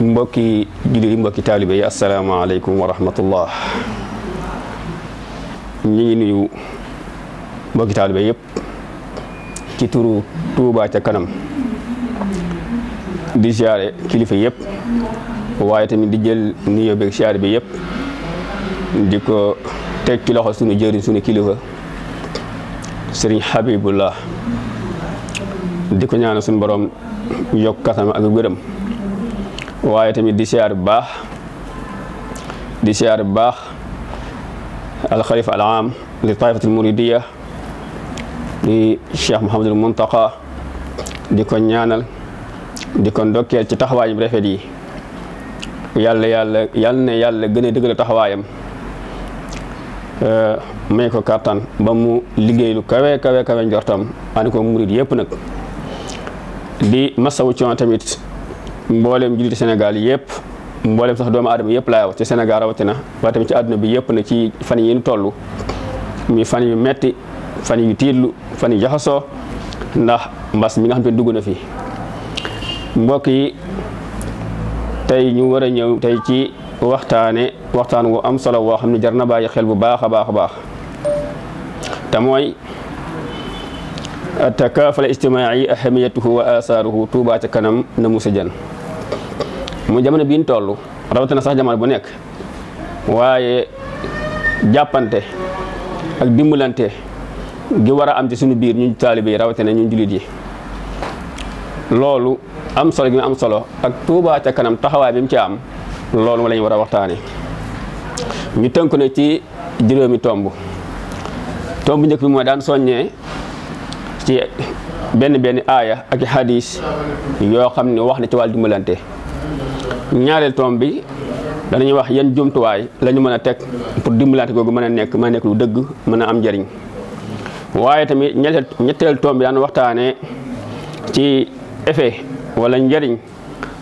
mbokki jullit yi mbokki taalibe yi asalaamaaleykum wa rahmatullah ñu ngi nuyu mbokki taalibe yëpp ci turu Touba ca kanam di siyaare kilifa yëpp waaye tamit di jël nuyoo beeg siyaare bi yëpp di ko teg loxo sunu jëriñ sunu kilifa sëriñ Habibullah di ko ñaanal sunu borom yokk kasam ak gërëm. waaye tamit di siyaar bu baax di siyaar bu baax alxalifa al aam li taifatil muridiya di cheikh Mouhamadul Muntaqa di ko ñaanal di ko ndokkeel ci taxawaayam rafet yi yàlla yàlla yàlla ne yàlla gën a dëggal taxawaayam euh, may ko kàttan ba mu liggéey lu kawe kawe kawe njortam ànd ko murid yëpp nag di masawu coono tamit mbooleem jullit Sénégal yëpp mbooleem sax doomu aadama yëpp laay wax ci Sénégal rawatina na tamit ci àdduna bi yëpp na ci fan yi ñu toll muy fan yu metti fan yu tiitlu fan yu jaxasoo ndax mbas mi nga xam ne dugg na fi mbokk yi tey ñu war a ñëw tey ci waxtaane waxtaan wu am solo woo xam ne jar na bàyyi xel bu baax a baax a baax te mooy takaaful ijtimaa'i ahamiyatuhu wa asaaruhu Tuubaa ca kanam na musa jën mu jamono bii ñu toll rawatina sax jamono bu nekk waaye jàppante ak dimbalante gi war a am ci suñu biir ñu taalibe yi rawatina ñu jullit yi loolu am solo gi am solo ak Tuubaa ca kanam taxawaay bi mu ci am loolu ma la war a waxtaane ñu tënku ne ci juróomi tomb tomb njëkk bi mooy daan soññee ci benn benn aaya ak i xadis yoo xam ne wax na ci wàllu dimbalante ñaareel tomb bi danañuy wax yan jumtuwaay la mën a teg pour dimbalante googu mën a nekk mën a lu dëgg mën a am njariñ waaye tamit ñetteel ñetteel bi daan waxtaanee ci effet wala njariñ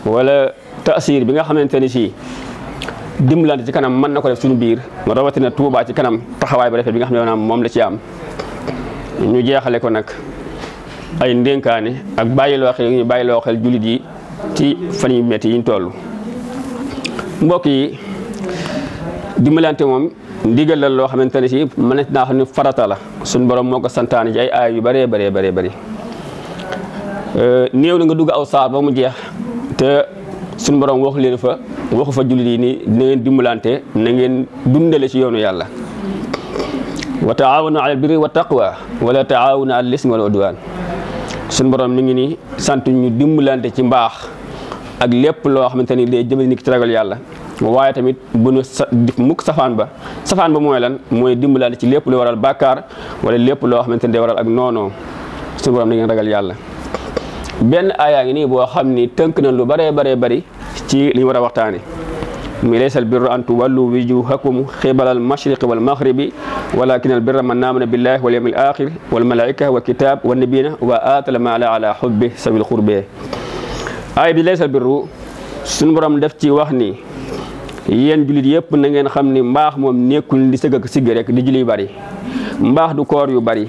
wala taasir bi nga xamante ne si dimbalante ci kanam mën na ko def suñu biir rawatina Tuubaa ci kanam taxawaay ba rafet bi nga xam ne moom la ci am ñu jeexale ko nag. ay ndénkaane ak bàyyiloo xel ñu bàyyiloo jullit yi ci fan yu metti yi ñu toll mbokk yi dimbalante moom ndigal la loo xamante ne si mën naa xam ne farata la suñ borom moo ko santaane ci ay aay yu bëree bëree bëree bëri euh, néew na nga dugg aw saar ba mu jeex te suñ borom waxu leen fa waxu fa jullit yi nii na dimbalante na ngeen dundale ci yoonu yàlla wa taawanu alal birri wa taqwa wala taawanu alal ismi suñ borom mi ngi nii sant ñu dimbalante ci mbaax ak lépp loo xamante ni day jëmale nit ki ci ragal yàlla waaye tamit bu ñu sa mukk safaan ba safaan ba mooy lan mooy dimbalante ci lépp lu waral bàkkaar wala lépp loo xamante ni day waral ak noonoo suñu borom na ngeen ragal yàlla. benn aayaa ngi nii boo xam ni tënk na lu baree baree bari ci li ñu war a waxtaanee. mi laysa al birru an tuwallu wujuhakum qibala al mashriqi wal maghribi walakin al birra man amana billahi wal yawmil akhir wal malaika wa kitab wa nabiyina wa atal mala ala hubbi sawil qurbi aay bi laysa al birru suñu borom def ci wax ni yéen yëpp na ngeen xam ni mbaax moom nekkul di sëgg ak di julli yu bari mbaax du koor yu bari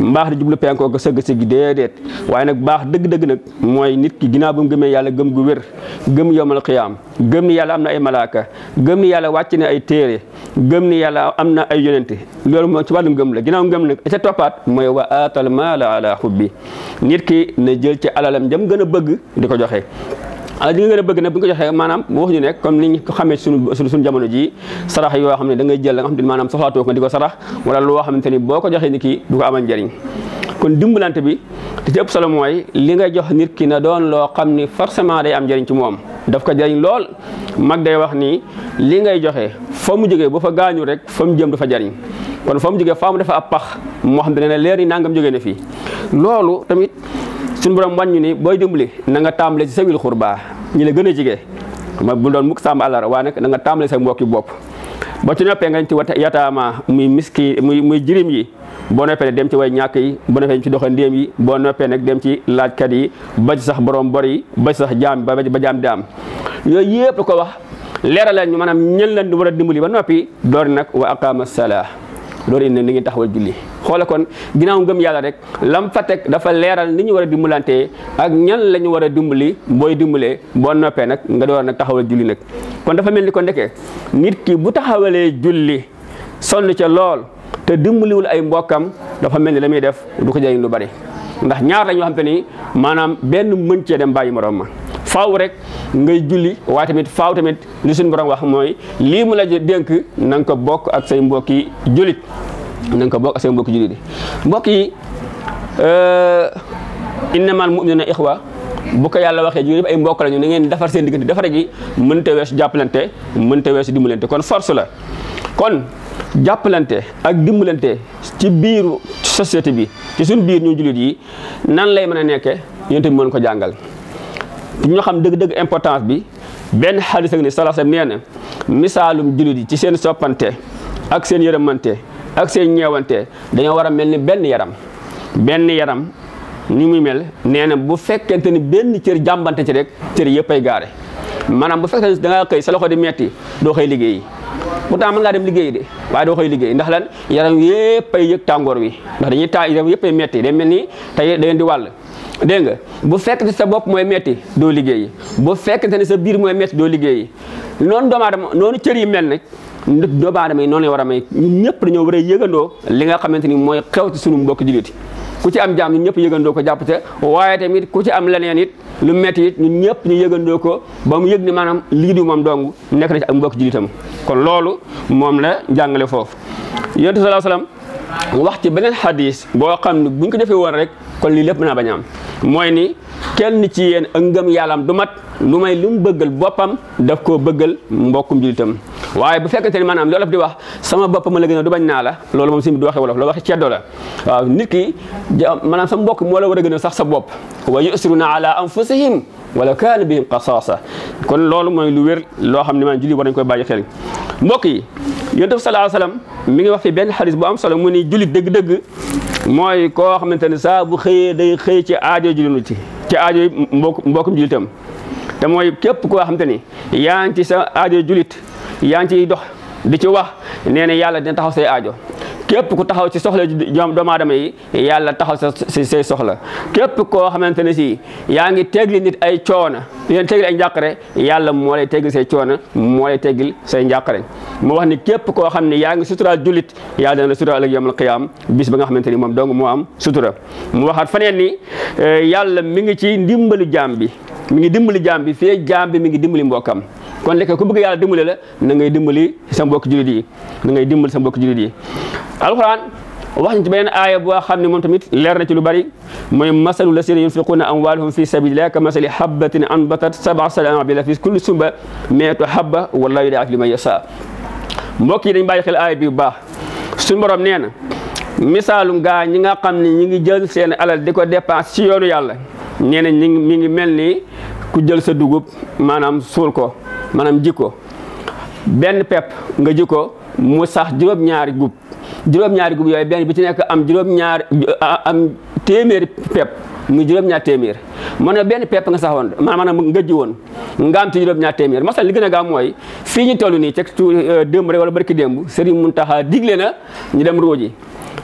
mbaax di jublu penko ko sëgg sëgg déedéet waaye nag baax dëgg-dëgg nag mooy nit ki ginnaaw bu mu gëmee yàlla gëm gu wér gëm yomal xiyaam gëm ni yàlla am na ay malaaka gëm ni yàlla wàcc na ay téere gëm ni yàlla am na ay yonente loolu moom ci wàllu gëm la ginaaw gëm nag ca toppaat mooy wa aatal maa ala xubbi nit ki na jël ci alalam jëm gën a bëgg di ko joxe li a bëgg nag bu ñu ko joxee maanaam mu wax nekk comme ni ñu ko xamee jamono jii sarax yoo xam ne da ngay jël ko di ko sarax wala ni boo ko joxee ni kii du ko amal kon dimbalante bi li ci ëpp solo mooy li jox nit ki na doon loo xam ni forcément day am njëriñ ci moom daf ko jëriñ lool mag day wax ni li ngay joxe fa mu jógee boo fa gaañu rek fa mu jëm dafa jariñ kon fa mu jógee fa mu dafa ab pax moo xam ne ne leer ni nangam jógee na fii loolu tamit suñu borom wàññi nii booy dimbali na nga tàmbale ci sawil xurbaa ñi la gën a jige ma bu doon mukk sàmm àllar waa nag na nga tàmbale sa mbokki bopp ba ci noppee nga ci wata yataama muy miski muy muy jirim yi boo noppee dem ci way ñàkk yi boo noppee ci doxandéem yi boo noppee nag dem ci laajkat yi ba ci sax boroom bor yi ba ci sax jaam ba ba jaam daam yooyu yëpp ko wax leeralal ñu maanaam ñen leen di war a dimbali ba noppi door nag wa aqaama salaa loolu indi na li ngi taxawal julli xoole kon ginnaaw ngëm yàlla rek lam fa teg dafa leeral ni ñu war a dimbalantee ak ñan la ñu war a dimbali booy dimbalee boo noppee nag nga door nag taxawal julli nag kon dafa mel ni ko ndekee nit ki bu taxawalee julli sonn ca lool te dimbaliwul ay mbokkam dafa mel ni la muy def du ko jëriñ lu bari ndax ñaar lañu xam te ni maanaam benn mën cee dem bàyyi moroom ma faaw rek ngay julli waaye tamit faw tamit li suñu borom wax mooy lii mu la dénk na ko bokk ak say mbokki jullit na nga ko bokk ak say mbokki jullit yi mbokk yi euh, innamal mu'minuna ixwa bu ko yàlla waxee ñu yëpp ay mbokk lañu na ngeen defar seen diggante defare gi mënta weesu jàppalante mënta weesu dimbalante kon force la kon jàppalante ak dimbalante ci biiru société bi ci suñ biir ñu jullit yi nan lay mën a nekke yéen tamit mën ko jàngal ñu xam dëgg-dëgg importance bi benn xadis ak ni salaasam nee na misaalum jullit yi ci seen soppante ak seen yërëmante ak seen ñeewante dañoo war a mel ni benn yaram benn yaram ni muy mel nee na bu fekkente ni benn cër jàmbante ci rek cër yëpp ay gaare maanaam bu fekkente ni da ngaa xëy di metti doo liggéey liggéeyi pourtant mën ngaa dem liggéey de waaye doo xëy liggéey ndax lan yaram yëpp ay yëg tàngoor wi ndax dañuy taa yaram yëpp ay metti day mel ni tey da di wàll dégg nga bu fekkente sa bopp mooy metti doo liggéey bu fekkente ne sa biir mooy metti doo liggéey noonu doomu moo noonu cër yi mel nag doomu aadama yi noonu la war a may ñun ñëpp dañoo war a yëgandoo li nga xamante ni mooy xew ci sunu mbokk jullit ku ci am jaam ñun ñëpp yëgandoo ko jàpp te waaye tamit ku ci am leneen it lu metti it ñun ñëpp ñu yëgandoo ko ba mu yëg ni maanaam lii moom dong nekk na ci ak mbokk jullitam kon loolu moom la jàngale foofu yonent sallallahu alayhi wax ci beneen xadis boo xam ne buñ ko defee woon rek kon lii lépp naa bañ am mooy ni kenn ci yéen ak ngëm yàllaam du mat lu may lu mu bëggal boppam def koo bëggal mbokkum jullitam waaye bu fekkente ni maanaam loolof di wax sama boppam la gën a du bañ naa la loolu moom suñu du waxee wolof la waxee ceddo la waaw nit ki maanaam sa mbokk moo la war a gën a sax sa bopp wa yusiruna ala anfusihim wala kaana bihim qasaasa kon loolu mooy lu wér loo xam ne maanaam julli war nañ koy bàyyi xel mbokk yi yonent bi sallallahu alayhi wasallam mi ngi wax fi benn xadis bu am solo mu ni julit dëgg-dëgg mooy koo xamante ne saa bu xëyee day xëy ci aajo julinu ci ci aajo yi mbokk mbokkum jullitam te mooy képp koo xamante ni yaa ngi ci sa aajo julit yaa ngi ciy dox di ci wax nee na yàlla dina taxaw say aajo képp ku taxaw ci soxla doomu aadama yi yàlla taxaw sa si soxla képp koo xamante ne si yaa ngi tegli nit ay coona yéen tegli ay njàqare yàlla moo lay tegil say coono moo lay tegil say njàqare moo wax ni képp koo xam ne yaa ngi suturaal jullit yàlla dana la suturaal ak yawmal qiyaam bis ba nga xamante ni moom dong moo am sutura mu waxaat faneen ni eh, yàlla mi ngi ci ndimbalu jaam bi mi ngi dimbali jaam bi fii jaam bi mi ngi dimbali mbokkam kon lekk ku bëgg yàlla dimbali la na ngay dimbali sa mbokk jullit yi na ngay dimbali sa mbokk jullit yi alxuraan wax ñu ci beneen aaya boo xam ne moom tamit leer na ci lu bari mooy masalu la seen yunfiquuna amwaalahum fi sabilillahi ka masali habbatin anbatat sab'a sanaabila fi kulli sunba meetu habba wallaahu yudaa'ifu liman yasaa mbokk yi dañ bàyyi xel aaya bi bu baax suñu borom nee na misaalum gaa ñi nga xam ne ñi ngi jël seen alal di ko dépense ci yàlla nee na mi ngi mel ni ku jël sa dugub maanaam suul ko maanaam ji ko benn pepp nga ji ko mu sax juróom-ñaari gub juróom-ñaari gub yooyu benn bi ci nekk am juróom-ñaar am téeméeri pepp muy juróom-ñaar téeméer mu ne benn pepp nga sax woon maanaam nga ji woon nga am ci juróom-ñaar téeméer masal li gën a gaaw mooy fii ñu toll nii ci euh, démb rek wala barki démb Serigne Mountakha digle na ñu dem ruuji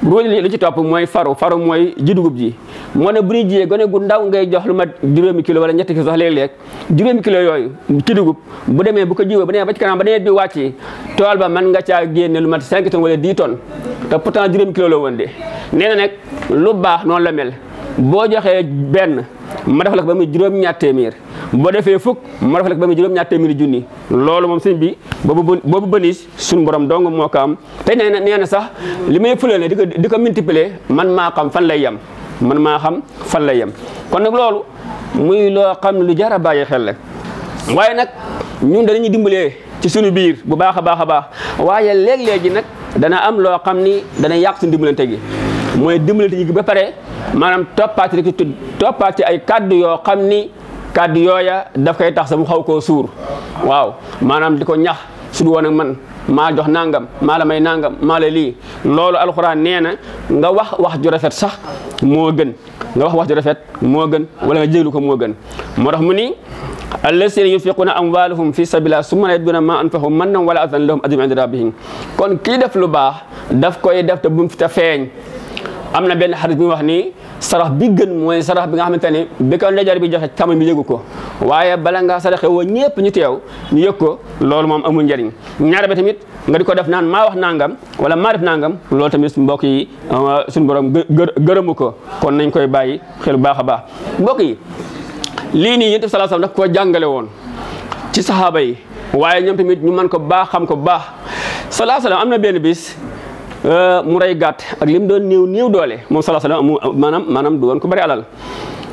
ruuj li ci topp mooy faru faru mooy ji dugub ji moo ne bu ñuy jiyee gone ndaw ngay jox lu mat juróomi kilo wala ñetti kilo sax léeg-léeg juróomi kilo yooyu ci dugub bu demee bu ko jiwee bu demee ba ci kanam ba nawet bi wàcci tool ba man nga caa génne lu mat 5 tonnes wala 10 tonnes te pourtant juróomi kilo la woon de nee na lu baax noonu la mel. boo joxee benn ma defal ko ba muy juróom-ñaar téeméer boo defee fukk ma defal ko ba muy juróom-ñaar téeméeri junni loolu moom sëñ bi boobu boobu bënis suñu borom dong moo ko am te nee na nee na sax li may fulale di ko di ko multiplier man maa xam fan lay yem man maa xam fan lay yem kon nag loolu muy loo xam lu jar a bàyyi xel la waaye nag ñun danañu dimbalee ci suñu biir bu baax a baax a baax waaye léeg-léegi nag dana am loo xam ni dana yàq suñu dimbalante gi mooy dimbalante gi ba pare maanaam toppaat rek ci ay kaddu yoo xam ni kàddu yooya daf koy tax sa mu xaw ko suur waaw maanaam di ko ñax su du man maa jox nangam maa la may nangam maa la lii loolu alxuraan nee na nga wax wax ju rafet sax moo gën nga wax wax ju rafet moo gën wala nga jéglu ko moo gën moo tax mu ni allazina yunfiquna amwalahum fi sabilillah summa la yajiduna ma anfaqu mannan wala azan lahum ajrun inda rabbihim kon kii def lu baax daf koy def te bu fi te feeñ am na benn xarit bi wax ni sarax bi gën mooy sarax bi nga xamante ne bi ko bi joxe càmmoñ bi yëgu ko waaye bala ngaa saraxe woo ñëpp ñu teew ñu yëg ko loolu moom amul njëriñ ñaar ba tamit nga di ko def naan maa wax nangam wala maa def nangam loolu tamit mbokk yi ah, suñu borom gërëmu ko kon nañ koy bàyyi xel baax a baax mbokk yi lii nii yonent bi sallallahu koo jàngale woon ci saxaaba yi waaye ñoom tamit ñu mën ko baax xam ko baax sallallahu alayhi wasallam am na benn bis Euh, mu rey gàtt ak lim doon néew néew doole moom salaa salaam mu maanaam maanaam du woon ku bari alal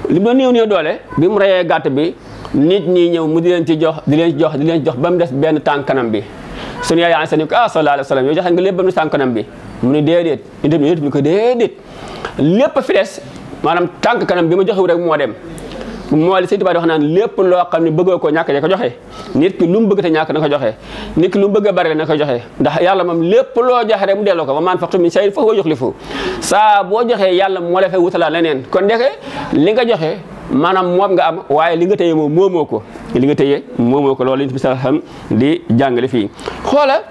lim doon néew néew doole bi mu reyee gàtt bi nit ñi ñëw mu di leen ci jox di leen ci jox di leen ci jox ba mu des benn tànkanam bi suñu yaay Aysa ni ko ah sallallahu alayhi wa sallam yow joxe nga lépp ba mu des tànkanam bi mu ni déedéet ñu dem ñu ko déedéet lépp fi des maanaam tànk kanam bi ma joxewu rek moo dem moo li Sëñ Tuubaa di wax naan lépp loo xam ne bëggoo ko ñàkk de ko joxe nit ki lu bëgg te ñàkk na ko joxe nit ki lu mu bëgg a bari na ko joxe ndax yàlla moom lépp loo joxe rek mu delloo ko wa maa anfaqtum min shay'in fa huwa yukhlifu saa boo joxe yàlla moo la fay wutalaa leneen kon ndeke li nga joxe maanaam moom nga am waaye li nga téye moom moomoo ko li nga téye moomoo ko loolu bi sa xam di jàngale fii xoola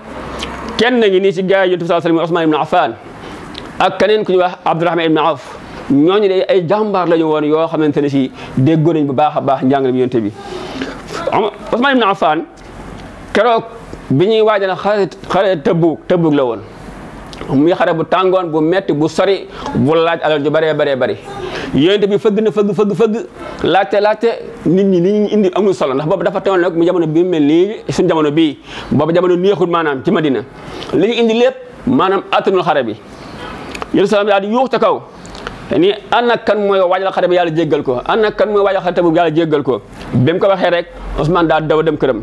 kenn ngi nii si gaa yi Yonent bi sallallahu alayhi wa sallam Usmaan ibn ak keneen ku ñuy wax Abdurahmaan ibn ñooñu de ay jàmbaar la ñu woon yoo xamante ne si déggoo nañ bu baax a baax njàngale bi yonte bi Ousmane Ibn Affan keroog bi ñuy waajal xare xare tëbbuuk tëbbuuk la woon muy xare bu tàngoon bu metti bu sori bu laaj alal ju bëree bëree bëri yonent bi fëgg na fëgg fëgg fëgg laajte laajte nit ñi li ñu indi amul solo ndax boobu dafa teewoon rek mu jamono bi mu mel nii suñ jamono bii boobu jamono neexul maanaam ci Madina li ñu indi lépp maanaam attanul xare bi Yerusalem yaa di yuux ca kaw te ni ana kan mooy waajal xare bi yàlla jéggal ko ana kan mooy waajal xare bi jéggal ko bi ko waxee rek Ousmane daa daw dem këram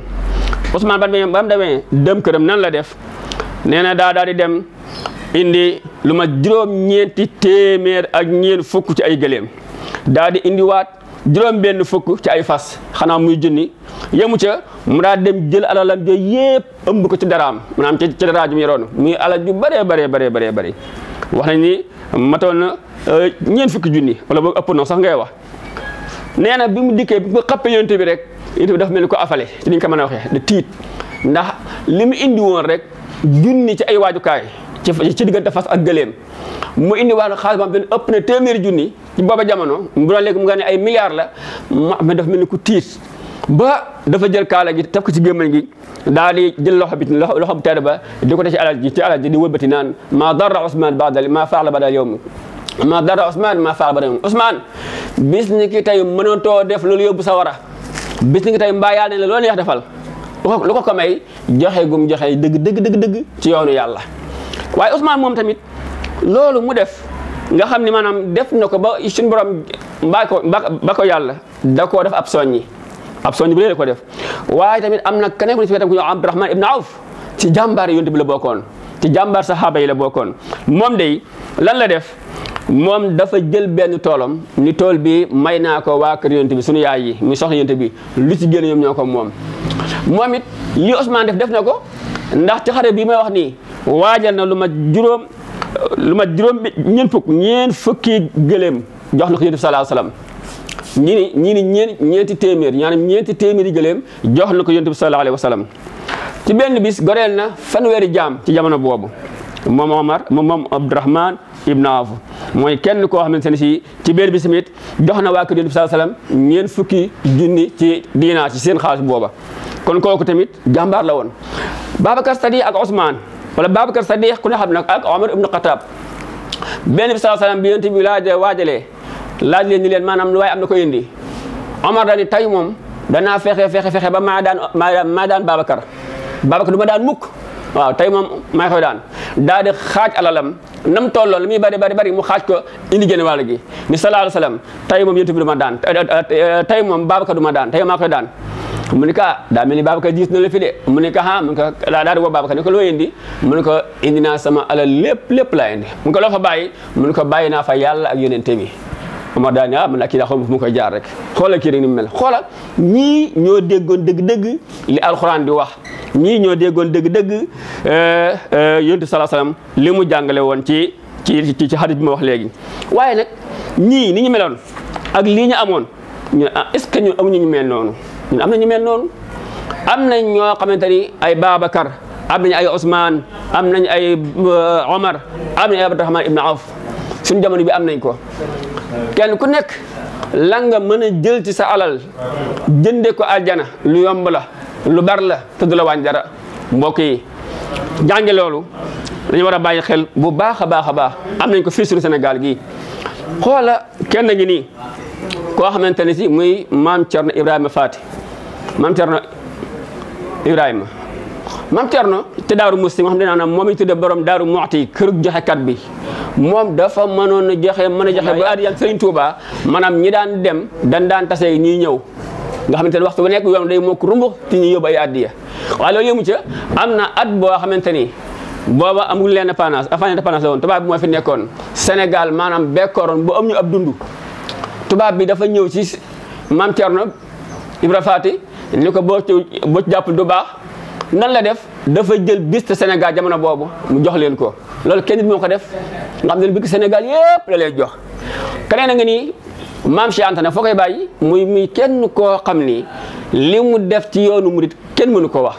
Ousmane ba mu demee dem këram nan la def nee na daa daal di dem indi lu ma juróom-ñeenti téeméer ak ñeen fukk ci ay gëléem daa di indiwaat juróom-benn fukk ci ay fas xanaa muy junni yemu ca mu daa dem jël alalam jooyu yépp ëmb ko ci daraam maanaam ci ci daraa ju mu yoroon muy alal ju bëree bëree bëree bëree bëri wax nañ ni matoon na euh, ñeent fukki junni wala boog ëpp na sax ngay wax nee na bi mu dikkee bi mu xappee yoonte bi rek yonent bi dafa mel ni ko afale ci niñ ko mën a waxee de tiit ndax li mu indi woon rek junni ci ay waajukaay ci diggante fas ak gëléem mu indi waat xaalis ba benn ëpp na téeméeri junni ci booba jamono mu doon léegi mu nga ne ay milliards la ma daf mel ni ku tiit ba dafa jël kaala gi taf ko ci gémmañ gi daal di jël loxo bi loxo bu tedd ba di ko def ci alal ji ci alal ji di wëlbati naan maa darra Ousmane badal maa faala badal yow mi maa darra Ousmane maa faala badal yow mi Ousmane bis ni ki tey mënatoo def loolu yóbbu sawara war a tey mbaa yàlla ne la loo neex defal lu ko ko may joxe gum joxe dëgg dëgg dëgg dëgg ci yoonu yàlla waaye Ousmane moom tamit loolu mu def nga xam ne maanaam def na ko ba suñu borom mbaa ko ba ko yàlla da koo def ab soññi ab soññ bu rëy ko def waaye tamit am na keneen ku ne si wetam ku ñëw Abdurahman ibn Awf ci jàmbaar yonent bi la bokkoon ci jàmbaar saxaaba yi la bokkoon moom day lan la def moom dafa jël benn toolam ni tool bi may naa ko waa kër yonent bi sunu yaay yi muy soxna yonent bi lu ci génn ñoom ñoo ko moom moom it li Ousmane def def na ko ndax ci xare bi may wax nii waajal na lu ma juróom lu ma juróom bi ñeen fukk ñeen fukki gëléem jox na ko yonent bi sallallahu alayhi ñi ni ñi ni ñeen ñeenti téeméer ñaanam ñeenti téeméeri gëléem jox na ko yonent bi sallallahu alayhi wa sallam ci benn bis goreel na fanweeri jaam ci jamono boobu moom Omar moom moom Abdourahman Ibn Awf mooy kenn koo xamante ne si ci benn bis tamit jox na waa kër yonent bi sallallahu ñeen fukki junni ci diinaar ci seen xaalis booba kon kooku tamit jàmbaar la woon Babacar Sadiq ak Ousmane wala Babacar Sadiq ku ne xam nag ak Omar Ibn Khattab benn bi sallallahu bi yonent bi laaja waajalee laaj leen ni leen maanaam lu waaye am na ko indi Omar daal ni tay moom danaa fexe fexe fexe ba maa daan maa daan Babacar Babacar du ma daan mukk waaw tey moom maa koy daan daa di xaaj alalam nam tolloo li muy bari bari bari mu xaaj ko indi génn wàll gi ni sallallahu alayhi wa sallam tey moom yonent bi ma daan tey moom Babacar du ma daan tey maa koy daan mu ni ko ah daa mel ni Babacar diis na la mu ni ko ah mu ko daa di woo Babacar ni mu ni ko indi naa sama alal lépp lépp laa indi mun ni ko loo fa bàyyi mu ni ko bàyyi naa fa yàlla ak yonent bi Omar daal ne ah man ak fu mu koy jaar rek xoolal kii rek ni mu mel xoolal ñii ñoo déggoon dëgg-dëgg li alxuraan di wax ñii ñoo déggoon dëgg-dëgg euh, euh, yonent salaa salaam li mu jàngale woon ci ci ci xarit bi ma wax léegi. waaye nag ñii ni ñu meloon ak lii ñu amoon ñu ah, est-ce que ñun amuñu ñu mel noonu ñun am na ñu mel noonu am nañ ñoo xamante ni ay Babacar am nañ ay Ousmane am nañ ay euh, Omar am nañ ay Abdurahman Ibn Awf suñu jamono bi am nañ ko. kenn ku nekk la mën a jël ci sa alal jënde ko aljana lu yomb lu bar la te du la wàññi dara mbokk yi jànge loolu dañu war a bàyyi xel bu baax a baax a baax am nañ ko fii sur Sénégal gi xoola kenn ngi nii koo xamante ne si muy maam na Ibrahima Faati maam na Ibrahima maam Thierno te Daaru Musti nga xam ne naanaam moom it tudde borom Daaru Muxti kër joxekat bi moom dafa mënoon a joxe mën a joxe ba adiyam Sëriñ Tuuba maanaam ñi daan dem dañ daan tase ñuy ñëw nga xamante ne waxtu bu nekk yoon day mokk rumbu ci ñuy yóbbu ay addiya waaye loolu yëmu a am na at boo xamante ni booba amul leen indépendance avant indépendance la woon tubaab bi moo fi nekkoon senegal maanaam bekkooroon bu am ñu ab dund tubaab bi dafa ñëw si maam Thierno Ibra Faati ni ko boo jàpp du baax nan la def dafa jël biste Sénégal jamono boobu mu jox leen ko loolu kenn nit moo ko def nga xam ne biste Sénégal yëpp la leen jox. keneen a nga nii maam Cheikh Anta nag foo koy bàyyi muy muy kenn ko xam ni li mu def ci yoonu murit kenn mënu ko wax.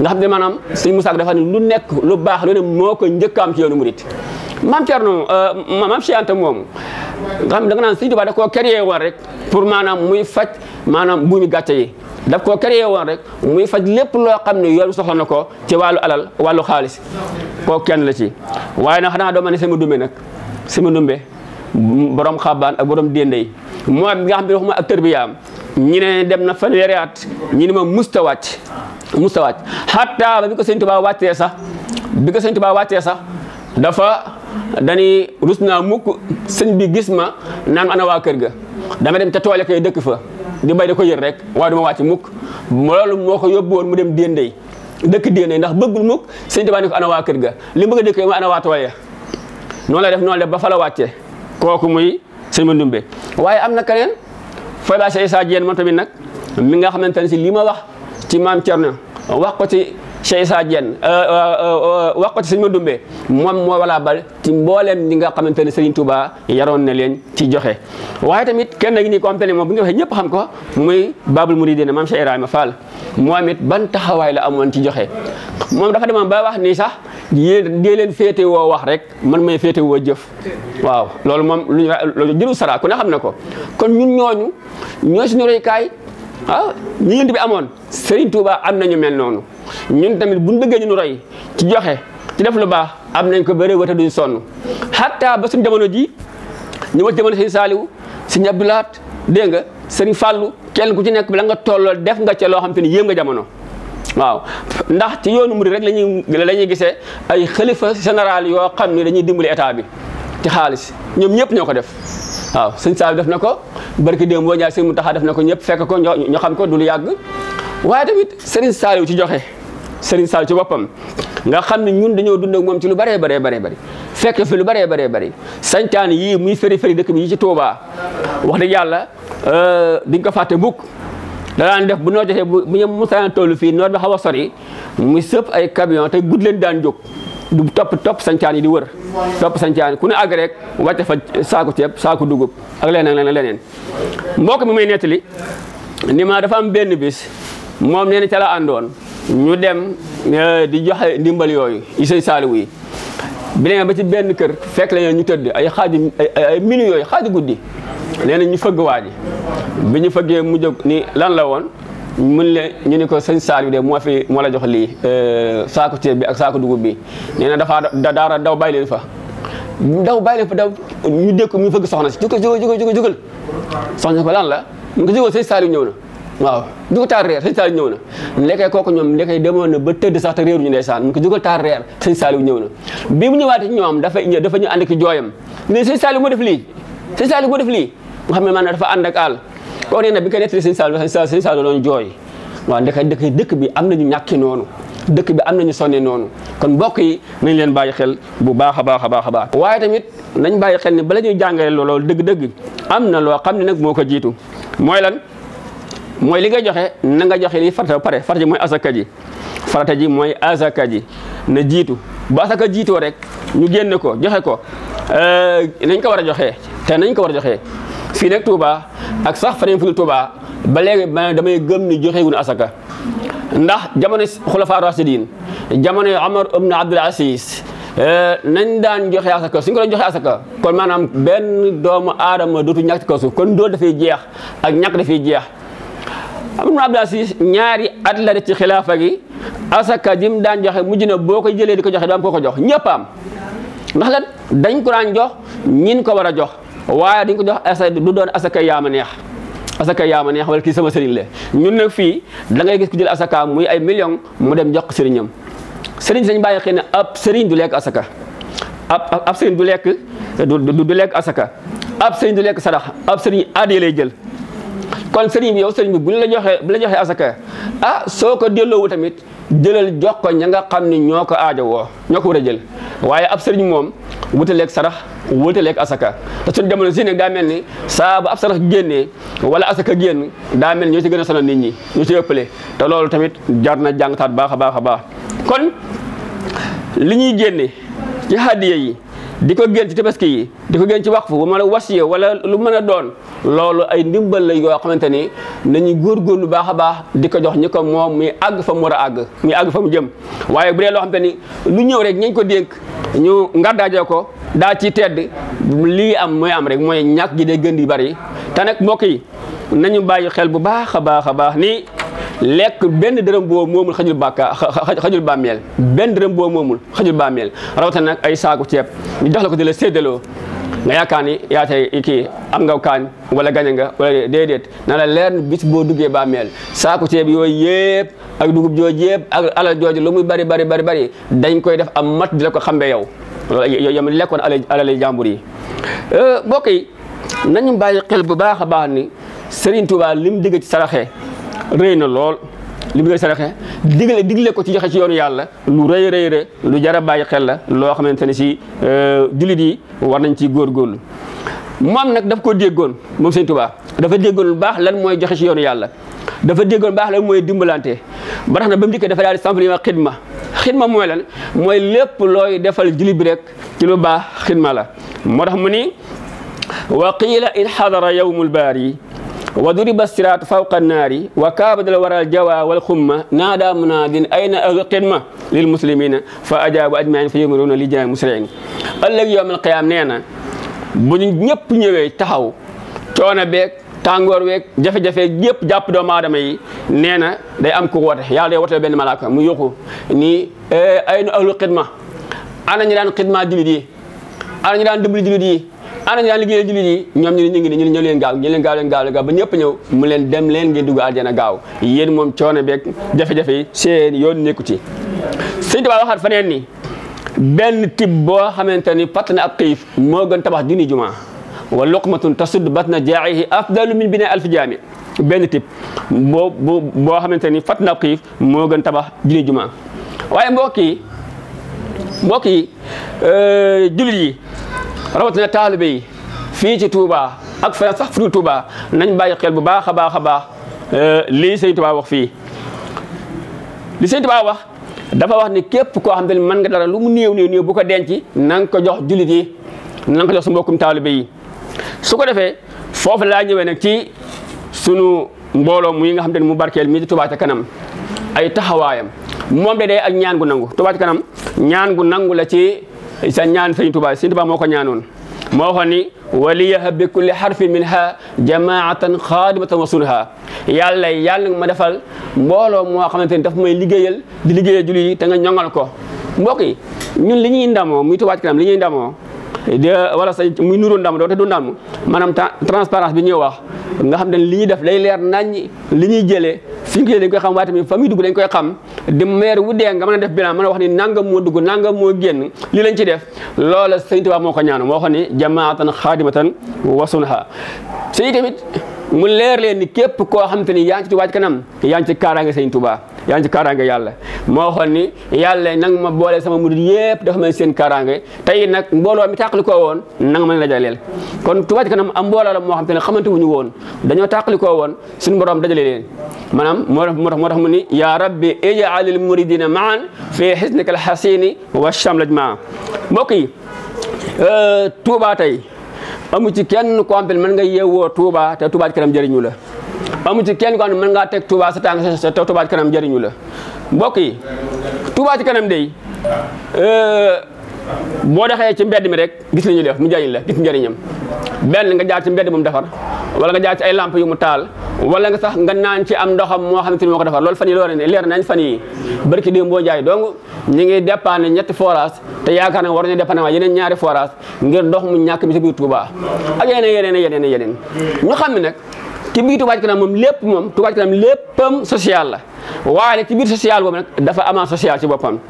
nga xam ne maanaam sëñ Moussa dafa ni lu nekk lu baax lu ne moo ko njëkk am ci yoonu murit maam nu euh, maam Cheikh Anta moomu nga xam da nga naan sëñ Tuubaa da koo créé woon rek pour maanaam muy faj maanaam buumi gàcce yi. daf koo créé woon rek muy faj lépp loo xam ne yoon soxla na ko ci wàllu alal wàllu xaalis koo kenn la ci waaye na xanaa doo ma ne sama dumbe nag sama dumbe borom xabaan ak borom déndey moom nga xam ne waxuma ak tërbiyaam ñi ne dem na fanweeri at ñi ne ma musta wàcc musta wàcc xataa ba bi ko sëñ Tuubaa wàccee sax bi ko sëñ Tuubaa wàccee sax dafa dañuy rus naa mukk sëñ bi gis ma naan ana waa kër ga dama dem te toole koy dëkk fa di bay di ko jël rek waaye du ma wàcc mukk loolu moo ko yóbbu woon mu dem déndey dëkk déndey ndax bëggul mukk sëñ Tuubaa ni ko ana waa kër ga li bëgg a dëkk ma ana waa tool ya noonu la def noonu la def ba fa la wàcce kooku muy sëñ Mandumbe waaye am na keneen Fay Baay Isa Jeen ma tamit nag mi nga xamante ne si li ma wax ci maam Cerno wax Cheikh Issa Diène euh, euh, euh, wax ko ci sëñ Madoumbe moom moo wala bal ci mbooleem ñi nga xamante ne Serigne Touba yaroon na leen ci joxe waaye tamit kenn ngi nii ko xamante ne moom bu ñu waxee ñëpp xam ko muy Babul Mouridine maam Cheikh ma Fall moom it ban taxawaay la amoon ci joxe moom dafa demoon ba wax nii sax yéen dee leen féete woo wax rek man may féete woo jëf waaw loolu moom lu ñu jëru sara ko ne xam na ko kon ñun ñooñu ñooy suñu roykaay ah ñi bi amoon Serigne am nañu mel noonu ñun tamit buñ bëggee ñu nu roy ci joxe ci def lu baax am nañ ko bëri wata duñ sonn xatta ba suñ jamono ji ñu wax jamono sëñ Saaliw sëñ Abdou Lahat dégg nga sëñ Fàllu kenn ku ci nekk bi la nga tolloo def nga ca loo xam te ni yéem nga jamono waaw ndax ci yoonu murid rek lañuy la ñuy gisee ay xalifa général yoo xam ne dañuy dimbali état bi ci xaalis ñoom ñëpp ñoo ko def waaw sëñ Saaliw def na ko barki démb boo ñaar sëñ Muntaxa def na ko ñëpp fekk ko ñoo xam ko du lu yàgg waaye tamit Serigne Saliou ci joxe Serigne Saliou ci boppam nga xam ne ñun dañoo dund ak moom ci lu bëree bëree bëree bëri fekk fi lu bëree bëree bëri santaan yii muy fëri fëri dëkk bi yi ci Touba wax dëgg yàlla euh, duñ ko fàtte mukk danaan def bu noo jotee bu bu ñu musaan fii noor bi xaw a sori muy sëpp ay camion te gudd leen daan jóg du topp topp sancaan yi di wër topp sancaan yi ku ne àgg rek fa saako ceeb saako dugub ak leneen ak leneen mbokk mi may nettali ni dafa am benn bis moom nee na ca ñu dem euh, di joxe ndimbal yooyu yi sëñ Saaliw yi bi demee ba ci benn kër fekk la ñu tëdd ay xaaju ay minu yooyu xaaju guddi nee na ñu fëgg waa ji bi ñu fëggee mu jóg ni lan la woon mun le ñu ni ko sëñ Saaliw de moo fi moo la jox lii euh, saako ceeb bi ak saako dugub bi nee dafa dafaa daara daw bàyyi fa daw bàyyi leen fa ñu dékku mu fëgg soxna si jugal jugal jugal jugal soxna ko lan la mu ko jógal sëñ Saaliw ñëw na waaw dugal taal reer sëñ Saliou ñëw na ndekkee kooku ñoom ndekkee demoon na ba tëdd sax te réeruñu ndeysaan mu ko dugal taal reer sëñ Saliou ñëw na bi mu ñëwaatee ñoom dafa dafa ñu ànd ki jooyam ne sëñ Saliou moo def lii sëñ Saliou moo def lii nga xam ne maanaam dafa ànd ak àll kooku nee na bi nga nettali sëñ Saliou sëñ Saliou doon jooy waaw ndekkee dëkk dëkk bi am nañu ñàkki noonu dëkk bi am nañu sonne noonu kon mbokk yi nañ leen bàyyi xel bu baax a baax a baax baax waaye tamit nañ bàyyi xel ni bala ñuy jàngale loolu dëgg-dëgg am na loo xam ne nag moo ko jiitu mooy lan mooy li nga joxe na nga joxe li farata pare farata ji mooy asaka ji farata ji mooy asaka ji na jiitu bu asaka jiitoo rek ñu génne ko joxe ko euh, nañ ko war a joxe te nañ ko war a joxe fii nag Touba ak sax feneen fu Touba ba léegi damay gëm ni joxe wuñu asaka ndax jamono xulafaa rashidin jamono Omar ibn Abdul Aziz euh, nañ daan joxe asaka suñ ko doon joxe asaka kon maanaam benn doomu aadama dootu ñàkk ci kon dool dafay jeex ak ñàkk dafay jeex. Ibn Abdul Aziz ñaari at la def ci xilaafa gi asaka jim daan joxe mujj na boo koy jëlee di ko joxe daam ko ko jox ñëpp am ndax lan dañ ko daan jox ñin ko war a jox waaye dañ ko jox asa du doon asaka yaama neex asaka yaama neex wala kii sama sëriñ la ñun na fii da ngay gis ku jël asaka muy ay million mu dem jox ko sëriñam sëriñ sañ bàyyi xëy na ab sëriñ du lekk asaka ab ab sëriñ du lekk du lekk asaka ab sëriñ du lekk sarax ab sëriñ aadee lay jël kon sëriñ bi yow sëriñ bi bu ñu la joxee bu la joxee asaka ah soo ko delloowu tamit jëlal jox ko ña nga xam ni ñoo ko aajo woo ñoo ko war a jël waaye ab sëriñ moom wutaleeg sarax wutaleeg asaka te suñ jamono si nag daa mel ni saa bu ab sarax génnee wala asaka génn daa mel ni ñoo ci gën a sonal nit ñi ñu ci ëppale te loolu tamit jar na jàngtaat baax a baax a baax kon li ñuy génne ci hadiya yi di ko génn ci tabaski yi di ko génn ci wax wala wasiye wala lu mën a doon loolu ay ndimbal la yoo xamante ni nañu góorgóorlu baax a baax di ko jox ñi ko moom muy àgg fa mu war a àgg muy àgg fa mu jëm waaye bu dee loo xamante ni lu ñëw rek ñañ ko dénk ñu ngar daajoo ko daa ci tedd lii am mooy am rek mooy ñàkk gi day gën di bari te nag mbokk yi nañu bàyyi xel bu baax a baax a baax nii lekk benn dërëm boo moomul xajul bàkkaar xajul bàmmeel benn dërëm boo moomul xajul bàmmeel rawatina nag ay saaku ceeb ñu jox la ko di la séddaloo nga yaakaar ni yaa tey kii am nga kaan wala gañe nga wala déedéet na la leer bis boo duggee bàmmeel saaku ceeb yooyu yëpp ak dugub jooju yëpp ak alal jooju lu muy bari bari bari bari dañ koy def am mat di la ko xambe yow loolu yam lekkoon alal jàmbur yi euh, mbokk yi nañu bàyyi xel bu baax a baax ni Serigne Touba li mu digg ci saraxe rëy na lool li mu ngay saraxe digle ko ci joxe ci yoonu yàlla lu rëy rëy rëy lu jar a bàyyi xel la loo xamante ne si euh, jullit yi war nañ ci góorgóorlu moom nag daf koo déggoon moom sëñ Tuubaa dafa déggoon lu baax lan mooy joxe ci yoonu yàlla dafa déggoon baax lan mooy dimbalante ba tax na ba mu dikkee dafa daal di samp li wax xidma xidma mooy lan mooy lépp looy defal jullit bi rek ci lu baax xidma la moo tax mu ni wa qiila in xadara yawmul baari wa duriba siraatu fawqa annaari wa kaabadal waral jawa wal xumma naadaa munaadin ayna ahlu xidma lil muslimina fa ajaabu ajmain fa yumaruna li jaay musriin ëllëg yowmal qiyaam nee na bu ñu ñëpp ñëwee taxaw coono beeg tàngoor weeg jafe-jafe yëpp jàpp doomu aadama yi nee na day am ku woote yàlla day woote benn malaaka mu yuxu ni eh, ayna ahlu xidma ana ñu daan xidma jullit yi ana ñu daan dimbali jullit yi ana ñu daan jullit yi ñoom ñu ñu ngi ni ñu leen gaaw ñu leen gaaw leen gaaw leen gaaw ba ñëpp ñëw mu leen dem leen ngeen dugg àjjana gaaw yéen moom coono beeg jafe-jafe seen yoon nekku ci sëñ Tuubaa waxaat faneen ni benn tib boo xamante ni patt na ab xiif moo gën tabax junni jumaa wa luqmatun tasud batna jaa'ihi afdalu min binaa alfi jaami benn tib boo boo xamante ni fatt na ab moo gën tabax junni jumaa waaye mbokk yi mbokk yi euh, jullit yi rawatina taalibe yi fii ci Touba ak feneen sax fudul Touba nañ bàyyi xel bu baax a baax a baax euh, lii sëñ Touba wax fii li sëñ Touba wax dafa wax ni képp koo xam ne mën nga dara lu mu néew néew néew bu ko denc na nga ko jox jullit yi na nga ko jox su mbokkum taalibe yi su ko defee foofu laa ñëwee nag ci sunu mbooloo muy nga xam ne mu barkeel mii ci Touba ca kanam ay taxawaayam moom de day ak ñaan gu nangu Touba kanam ñaan gu nangu la ci. sa ñaan sëñ Tuubaa sëñ Tuubaa moo ko ñaanoon moo waxoon ni waliyaha bi kulli xarfin min ha jamaatan xaadimatan wasunha yàlla yàlla nga ma defal mbooloo moo xamante ni daf may liggéeyal di liggéeyal julli yi te nga ñoŋal ko mbokk yi ñun li ñuy ndamoo muy Touba Ca Kanam li ñuy ndamoo wala sa muy nuru ndam doote du ndam maanaam transparence bi ñuy wax nga xam ne li ñuy def day leer naññ li ñuy jëlee fi ñu ko jëlee xam waaye tamit fa muy dugg dañ koy xam di meer wu dee nga mën def bilan mën a wax ni nangam moo dugg nanga moo génn lii lañ ci def loola sëñ Tuubaa moo ko ñaanu moo ko ni jamaatan xaadimatan wasunha sëñ tamit mu leer leen ni képp koo xam te ni yaa ngi ci Touba Ca Kanam yaa ngi ci kaaraange sëñ Tuubaa yaa ngi ci kaaraange yàlla moo waxoon ni yàlla nang ma boole sama murid yëpp dafa mel seen kaaraange tey nag mbooloo mi tàqalikoo woon nanga ma dajaleel kon Touba Ca Kanam am mbooloo la moo xam te ne xamante wuñu woon dañoo tàqalikoo woon suñu borom dajale leen maanaam moo tax moo tax moo tax mu ni yaa rabbi ijaalil muridina maan fii xisnika alxasini wa chamlaj maa mbokk yi euh, Touba tey amu ci kenn ko xam ne mën nga yeewoo Touba te Touba Ca Kanam jëriñu la amu ci kenn ko xam ne mën ngaa teg Touba sa tànk sa Touba ci kanam jëriñu la mbokk yi Touba ci kanam day euh, boo doxee ci mbedd mi rek gis li ñuy def mu jëriñ la gis njëriñam benn nga jaar ci mbedd bu mu defar wala nga jaar ci ay lamp yu mu taal wala nga sax nga naan ci am ndoxam moo xam ne moo ko defar loolu fan yi loolu leer nañ fan yi barki démb boo jaay donc ñu ngi dépanne ñetti forage te yaakaar na war nañu dépanne waa yeneen ñaari forage ngir ndox mu ñàkk mi ci biir Touba ak yeneen yeneen yeneen yeneen ñu xam ne nag ci biir Touba ca kanam moom lépp moom Touba ca kanam léppam social la waaye ci biir social boobu dafa amaan social ci boppam.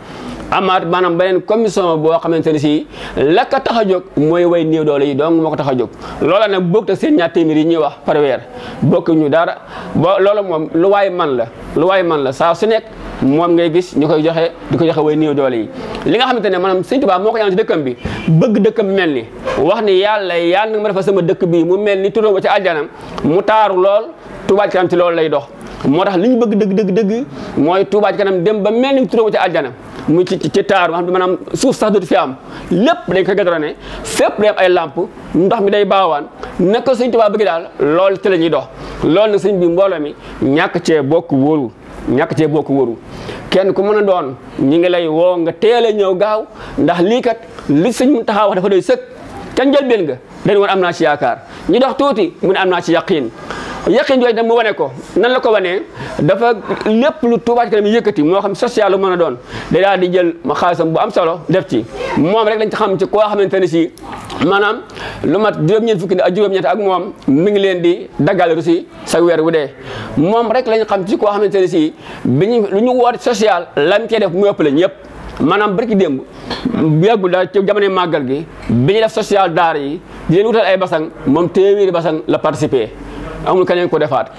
amaat maanaam beneen commission boo xamante ne si la ko tax a jóg mooy way néew doole yi donc moo ko tax a jóg loola nag bokk ak seen ñaar téeméer yi ñuy wax par weer bokk ñu dara ba moom lu waay man la lu waay man la saa su nekk moom ngay gis ñu koy joxe di ko joxe way néew doole yi li nga xamante ne maanaam sëñ Tuubaa moo ko ñaan ci dëkkam bi bëgg dëkkam mel ni wax ni yàlla yàlla na ma defal sama dëkk bii mu mel ni turo ba ci aljanam mu taaru lool Tuubaa loolu lay dox moo tax li ñu bëgg dëgg dëgg dëgg mooy Touba kanam dem ba mel ni turam ci àjjana mu ci ci taar ma xam ne maanaam suuf sax dootu fi am lépp dañ koy goudronné fépp ay lamp ndox mi day baawaan naka sëñ Touba bëgg daal lool te la ñuy dox loolu nag sëñ bi mbooloo mi ñàkk cee bokk wóoru ñàkk cee bokk wóoru kenn ku mën a doon ñi ngi lay woo nga teel a ñëw gaaw ndax lii kat li sëñ mu taxaw wax dafa doy sëkk ca njëlbeen nga dañ woon am naa ci yaakaar ñu dox tuuti mu ne am naa ci yaqiin yaqin jooju nag mu wane ko nan la ko wanee dafa lépp lu Touba ca kanam yëkkati moo xam social lu mën a doon day daal jël ma xaalisam bu am solo def ci moom rek lañ ci xam ci koo xamante ne si maanaam lu mat juróom-ñeent fukki ak juróom ak moom mi ngi leen di daggal rusi sa weer wu dee moom rek lañ xam ci koo xamante ne si bi ñu lu ñu woote social lan cee def mu ëpp lañ yëpp maanaam barki démb yàggul daal ci jamono màggal gi bi ñuy def social daar yi di leen wutal ay basang moom téeméeri basang la participer amul keneen ko defaat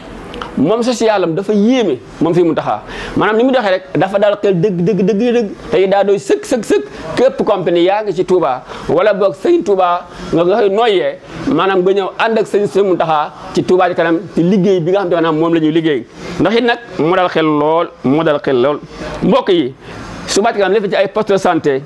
moom social am dafa yéeme moom fii mu taxaa maanaam ni mu doxee rek dafa daal xel dëgg dëgg dëgg dëgg tey daa dooy sëkk sëg sëkk képp compagnie yaa ngi si Touba wala boog sëñ Touba nga koy noyyee maanaam nga ñëw ànd ak sëñ sëñ mu taxaa ci Touba ci kanam ci liggéey bi nga xam te maanaam moom la ñuy liggéey ndax it nag mu lool moo dal xel lool mbokk yi suba ci kanam li fi ci ay poste de santé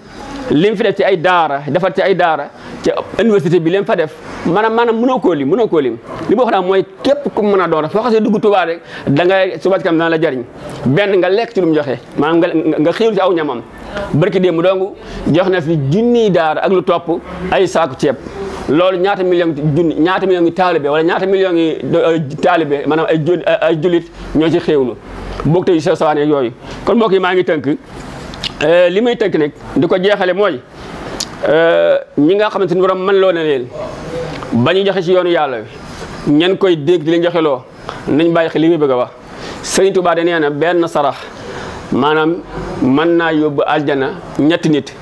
lim fi def ci ay daara defar ci ay daara ci université bi lim fa def maanaam maanaam mënoo koo lim mënoo koo lim li ma wax daal mooy képp ku mën a doon rek soo xasee dugg Tuubaa rek da ngay suba ci kanam dana la jariñ benn nga lekk ci lu mu joxe maanaam nga nga xiiru ci aw ñamam barki démb dong jox na fi junniy daara ak lu topp ay saaku ceeb. loolu ñaata million junni ñaata million yi taalibe wala ñaata million yi taalibe maanaam ay ay jullit ñoo ci xéewlu bokk te yu sew sawaan yooyu kon mbokk yi maa tënk Euh, li may tënk nag di ko jeexale mooy euh, ñi nga xamante ni borom mën loo na leen ba ñu joxe ci yoonu yàlla wi ñen koy dégg di leen joxe loo nañ bàyyi xel li muy bëgg a wax Sëriñ Tuubaa da nee na benn sarax maanaam mën naa yóbbu aljana ñetti nit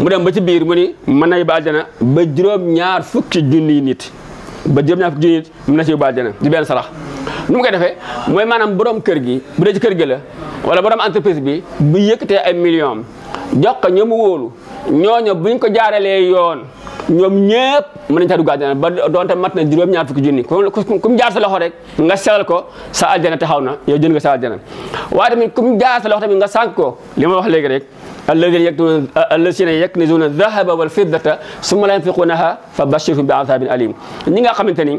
mu dem ba ci biir mu ni mën na yóbbu aljana ba juróom-ñaar fukki junniy nit ba juróom-ñaar fukki junniy nit mën na ci yóbbu aljana di benn sarax nu mu koy defee mooy maanaam borom kër gi bu dee ci kër gi la wala borom entreprise bi bu yëkkatee ay millions jox ko ñoom wóolu bu ñu ko jaaralee yoon ñoom ñëpp mën nañ caa dugg àjjana ba doonte mat na juróom-ñaar fukki junni ku mu jaar sa loxo rek nga sellal ko sa àjjana taxaw na yow jën nga sa àjjana waaye tamit ku mu jaar sa loxo tamit nga sànq ko li ma wax léegi rek allazina yaknizuuna dahaba wal fiddata summa la yunfiquunaha fa bashirhum bi azabin alim ñi nga xamante ni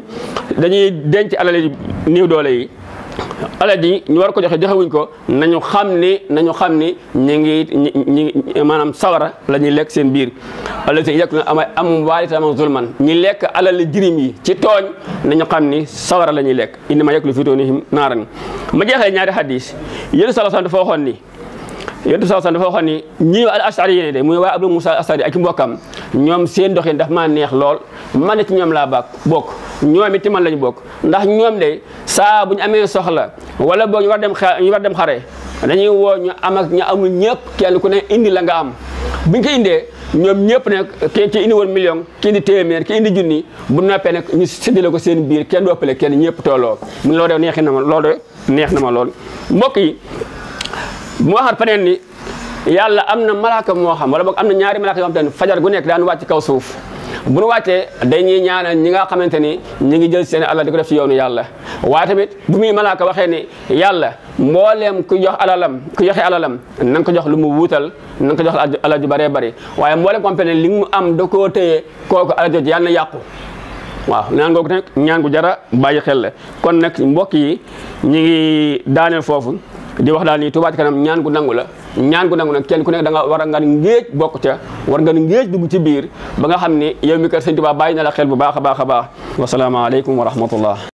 dañuy denc alal yi néew yi alal ji ñu war ko joxe joxewuñ ko nañu xam ni nañu xam ni ñu ngi ñi maanaam sawara lañuy lekk seen biir alal seen yekk na amay am waali tama zulman ñi lekk alal jirim yi ci tooñ nañu xam ni sawara la ñuy lekk indi ma yekk lu naara naaran ma jeexee ñaari hadis yéen sala sam dafa yonent saa dafa waxoon ni ñi al ashari yéene de muy waa Abdou Moussa al ashari ak mbokkam ñoom seen doxin daf maa neex lool man ci ñoom laa bak bokk ñoom it man lañu bokk ndax ñoom de saa bu ñu amee soxla wala boog ñu war dem ñu war dem xare dañuy woo ñu am ak ñu amul ñëpp kenn ku ne indi la nga am bu ñu ko indee ñoom ñëpp nag ki ci indi woon million ki indi téeméer ki indi junni bu noppee nag ñu séddale ko seen biir kenn doppale kenn ñëpp tooloo loolu de neexi na ma loolu de neex na ma lool mbokk yi mu waxaat feneen ni yàlla am na malaaka moo xam wala boog am na ñaari malaaka yoo xam te fajar gu nekk daan wàcc kaw suuf bu nu day dañuy ñaanal ñi nga xamante ni ñi ngi jël seen alal di ko def ci yoonu yàlla waaye tamit bu muy malaaka waxee ni yàlla mbooleem ku jox alalam ku joxe alalam na nga ko jox lu mu wuutal na nga ko jox alal ju bëree bëri waaye mbooleem ko xamante ne li mu am da koo téye kooku alal jooju yàlla na yàqu waaw ñaan googu nag ñaan jara bàyyi xel la kon nag mbokk yi ñi ngi daaneel foofu di wax daal ni Touba Ca Kanam ñaan gu nangu la ñaan gu nangu nag kenn ku nekk da war a ngan ngéej bokk ca war nga ngéej dugg ci biir ba nga xam ni yow mi kër sëñ Touba bàyyi na la xel bu baax a baax a baax wasalaamaaleykum wa rahmatullah